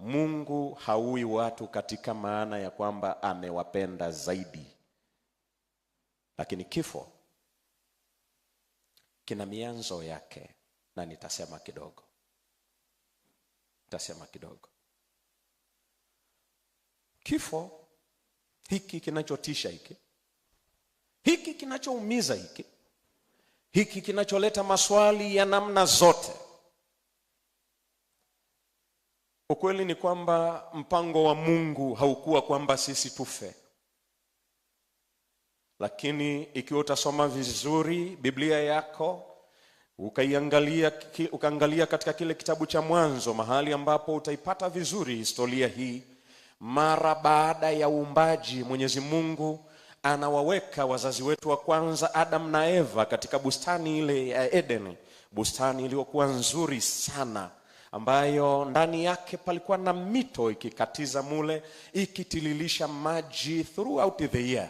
Mungu haui watu katika maana ya kwamba amewapenda zaidi, lakini kifo kina mianzo yake, na nitasema kidogo, nitasema kidogo. Kifo hiki kinachotisha hiki, hiki kinachoumiza hiki, hiki kinacholeta maswali ya namna zote Ukweli ni kwamba mpango wa Mungu haukuwa kwamba sisi tufe, lakini ikiwa utasoma vizuri Biblia yako ukaiangalia, ukaangalia katika kile kitabu cha Mwanzo, mahali ambapo utaipata vizuri historia hii. Mara baada ya uumbaji, Mwenyezi Mungu anawaweka wazazi wetu wa kwanza Adam na Eva katika bustani ile ya Edeni, bustani iliyokuwa nzuri sana ambayo ndani yake palikuwa na mito ikikatiza mule ikitililisha maji throughout the year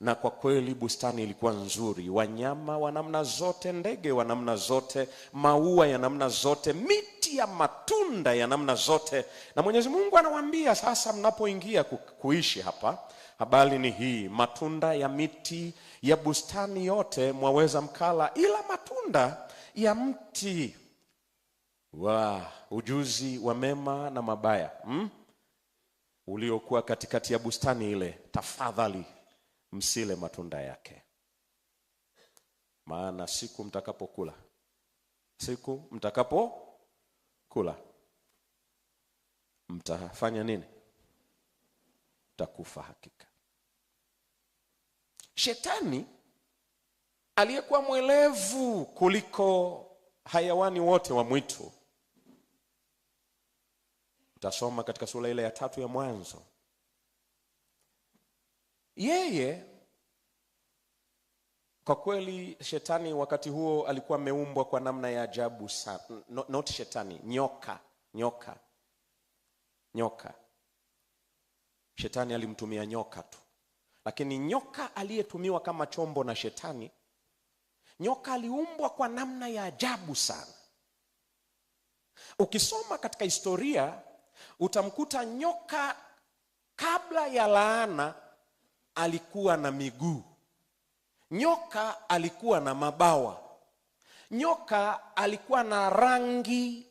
na kwa kweli bustani ilikuwa nzuri, wanyama wa namna zote, ndege wa namna zote, maua ya namna zote, miti ya matunda ya namna zote. Na Mwenyezi Mungu anawaambia sasa, mnapoingia kuishi hapa, habari ni hii, matunda ya miti ya bustani yote mwaweza mkala, ila matunda ya mti wa ujuzi wa mema na mabaya hmm? uliokuwa katikati ya bustani ile, tafadhali msile matunda yake, maana siku mtakapokula, siku mtakapokula mtafanya nini? Mtakufa hakika. Shetani aliyekuwa mwelevu kuliko hayawani wote wa mwitu Tasoma katika sura ile ya tatu ya Mwanzo. Yeye kwa kweli, shetani wakati huo alikuwa ameumbwa kwa namna ya ajabu sana. No, not shetani, nyoka, nyoka, nyoka. Shetani alimtumia nyoka tu, lakini nyoka aliyetumiwa kama chombo na shetani, nyoka aliumbwa kwa namna ya ajabu sana. Ukisoma katika historia utamkuta nyoka kabla ya laana alikuwa na miguu nyoka alikuwa na mabawa nyoka alikuwa na rangi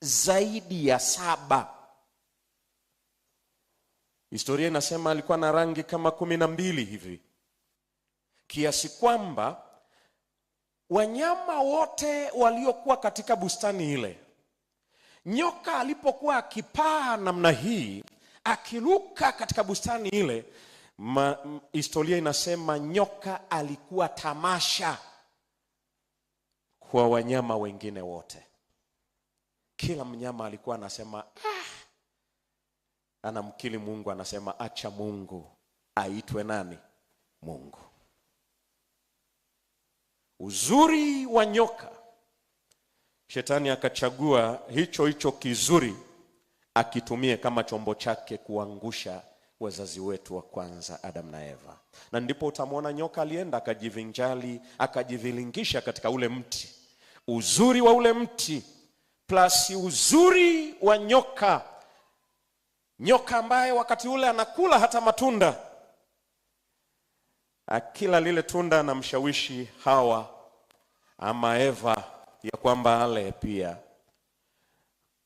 zaidi ya saba historia inasema alikuwa na rangi kama kumi na mbili hivi kiasi kwamba wanyama wote waliokuwa katika bustani ile nyoka alipokuwa akipaa namna hii akiruka katika bustani ile ma, historia inasema nyoka alikuwa tamasha kwa wanyama wengine wote kila mnyama alikuwa anasema ah, anamkili mungu anasema acha mungu aitwe nani mungu uzuri wa nyoka Shetani akachagua hicho hicho kizuri akitumie kama chombo chake kuangusha wazazi wetu wa kwanza Adam na Eva, na ndipo utamwona nyoka alienda akajivinjali akajivilingisha katika ule mti, uzuri wa ule mti plus uzuri wa nyoka, nyoka ambaye wakati ule anakula hata matunda. Akila lile tunda anamshawishi Hawa ama Eva ya kwamba ale pia.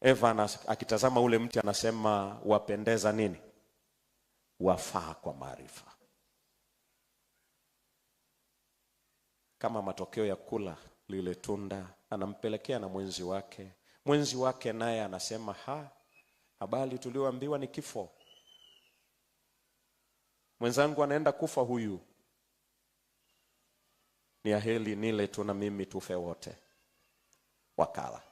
Eva akitazama ule mti anasema wapendeza nini? Wafaa kwa maarifa. Kama matokeo ya kula lile tunda, anampelekea na mwenzi wake. Mwenzi wake naye anasema ha, habari tulioambiwa ni kifo. Mwenzangu anaenda kufa huyu, ni aheli nile tu na mimi tufe wote wakala.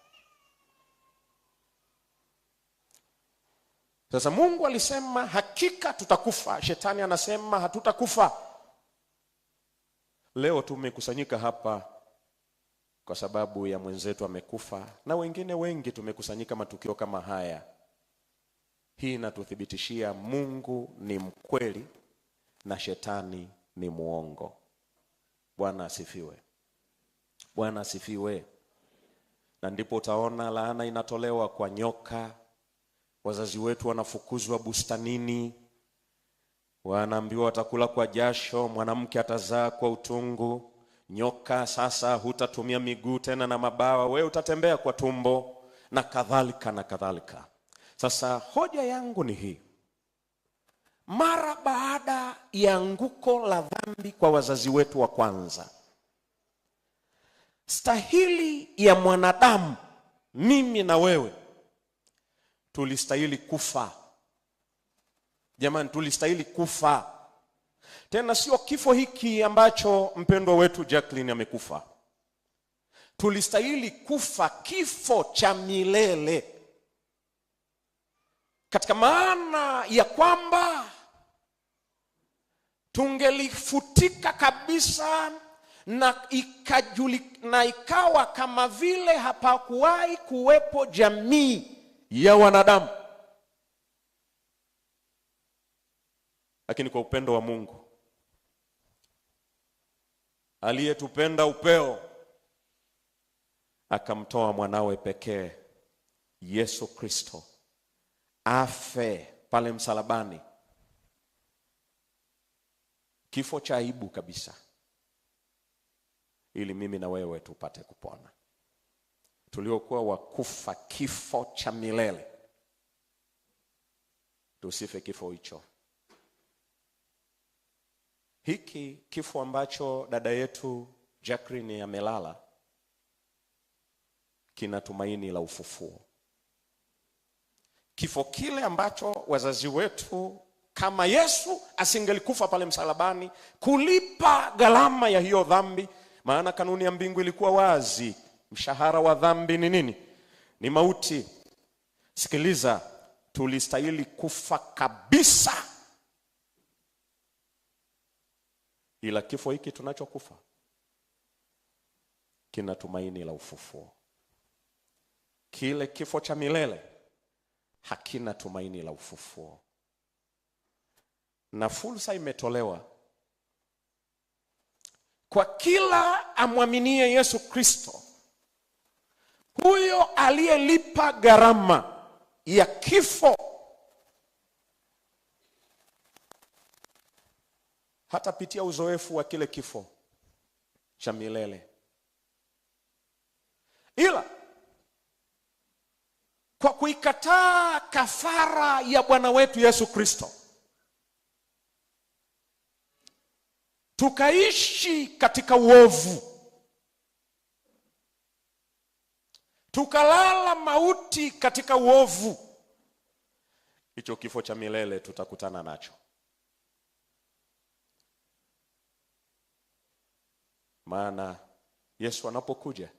Sasa Mungu alisema hakika tutakufa, shetani anasema hatutakufa. Leo tumekusanyika hapa kwa sababu ya mwenzetu amekufa, na wengine wengi tumekusanyika matukio kama haya. Hii inatuthibitishia Mungu ni mkweli na shetani ni muongo. Bwana asifiwe. Bwana asifiwe na ndipo utaona laana inatolewa kwa nyoka. Wazazi wetu wanafukuzwa bustanini, wanaambiwa watakula kwa jasho, mwanamke atazaa kwa utungu. Nyoka sasa, hutatumia miguu tena na mabawa, wewe utatembea kwa tumbo, na kadhalika na kadhalika. Sasa hoja yangu ni hii: mara baada ya anguko la dhambi kwa wazazi wetu wa kwanza stahili ya mwanadamu mimi na wewe tulistahili kufa jamani tulistahili kufa tena sio kifo hiki ambacho mpendwa wetu Jacqueline amekufa tulistahili kufa kifo cha milele katika maana ya kwamba tungelifutika kabisa na, ikajuli, na ikawa kama vile hapakuwahi kuwepo jamii ya wanadamu, lakini kwa upendo wa Mungu aliyetupenda upeo akamtoa mwanawe pekee Yesu Kristo afe pale msalabani, kifo cha aibu kabisa ili mimi na wewe tupate kupona, tuliokuwa wakufa kifo cha milele tusife kifo hicho. Hiki kifo ambacho dada yetu Jacqueline amelala kina tumaini la ufufuo. Kifo kile ambacho wazazi wetu kama Yesu asingelikufa pale msalabani kulipa gharama ya hiyo dhambi maana kanuni ya mbingu ilikuwa wazi, mshahara wa dhambi ni nini? Ni mauti. Sikiliza, tulistahili kufa kabisa, ila kifo hiki tunachokufa kina tumaini la ufufuo. Kile kifo cha milele hakina tumaini la ufufuo, na fursa imetolewa kwa kila amwaminie Yesu Kristo, huyo aliyelipa gharama ya kifo, hatapitia uzoefu wa kile kifo cha milele, ila kwa kuikataa kafara ya Bwana wetu Yesu Kristo tukaishi katika uovu, tukalala mauti katika uovu, hicho kifo cha milele tutakutana nacho. Maana Yesu anapokuja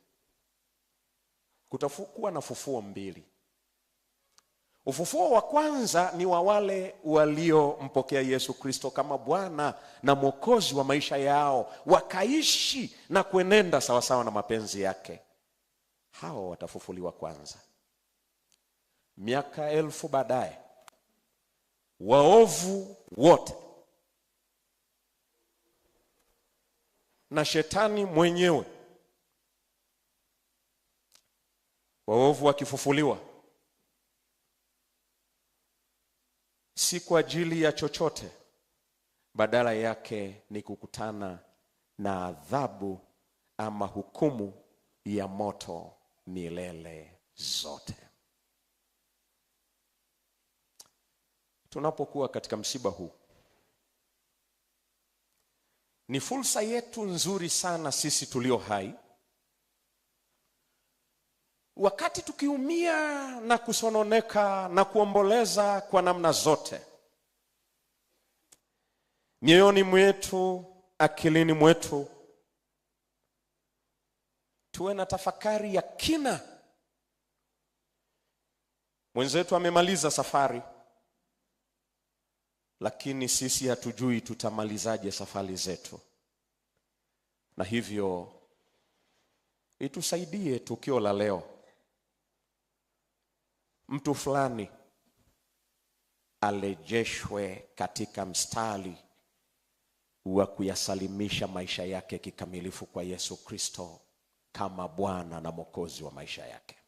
kutakuwa na fufuo mbili. Ufufuo wa kwanza ni wa wale waliompokea Yesu Kristo kama Bwana na Mwokozi wa maisha yao, wakaishi na kuenenda sawasawa na mapenzi yake. Hao watafufuliwa kwanza. Miaka elfu baadaye, waovu wote na shetani mwenyewe, waovu wakifufuliwa si kwa ajili ya chochote, badala yake ni kukutana na adhabu ama hukumu ya moto milele zote. Tunapokuwa katika msiba huu, ni fursa yetu nzuri sana sisi tulio hai Wakati tukiumia na kusononeka na kuomboleza kwa namna zote, mioyoni mwetu, akilini mwetu, tuwe na tafakari ya kina. Mwenzetu amemaliza safari, lakini sisi hatujui tutamalizaje safari zetu, na hivyo itusaidie tukio la leo mtu fulani alejeshwe katika mstari wa kuyasalimisha maisha yake kikamilifu kwa Yesu Kristo kama Bwana na Mwokozi wa maisha yake.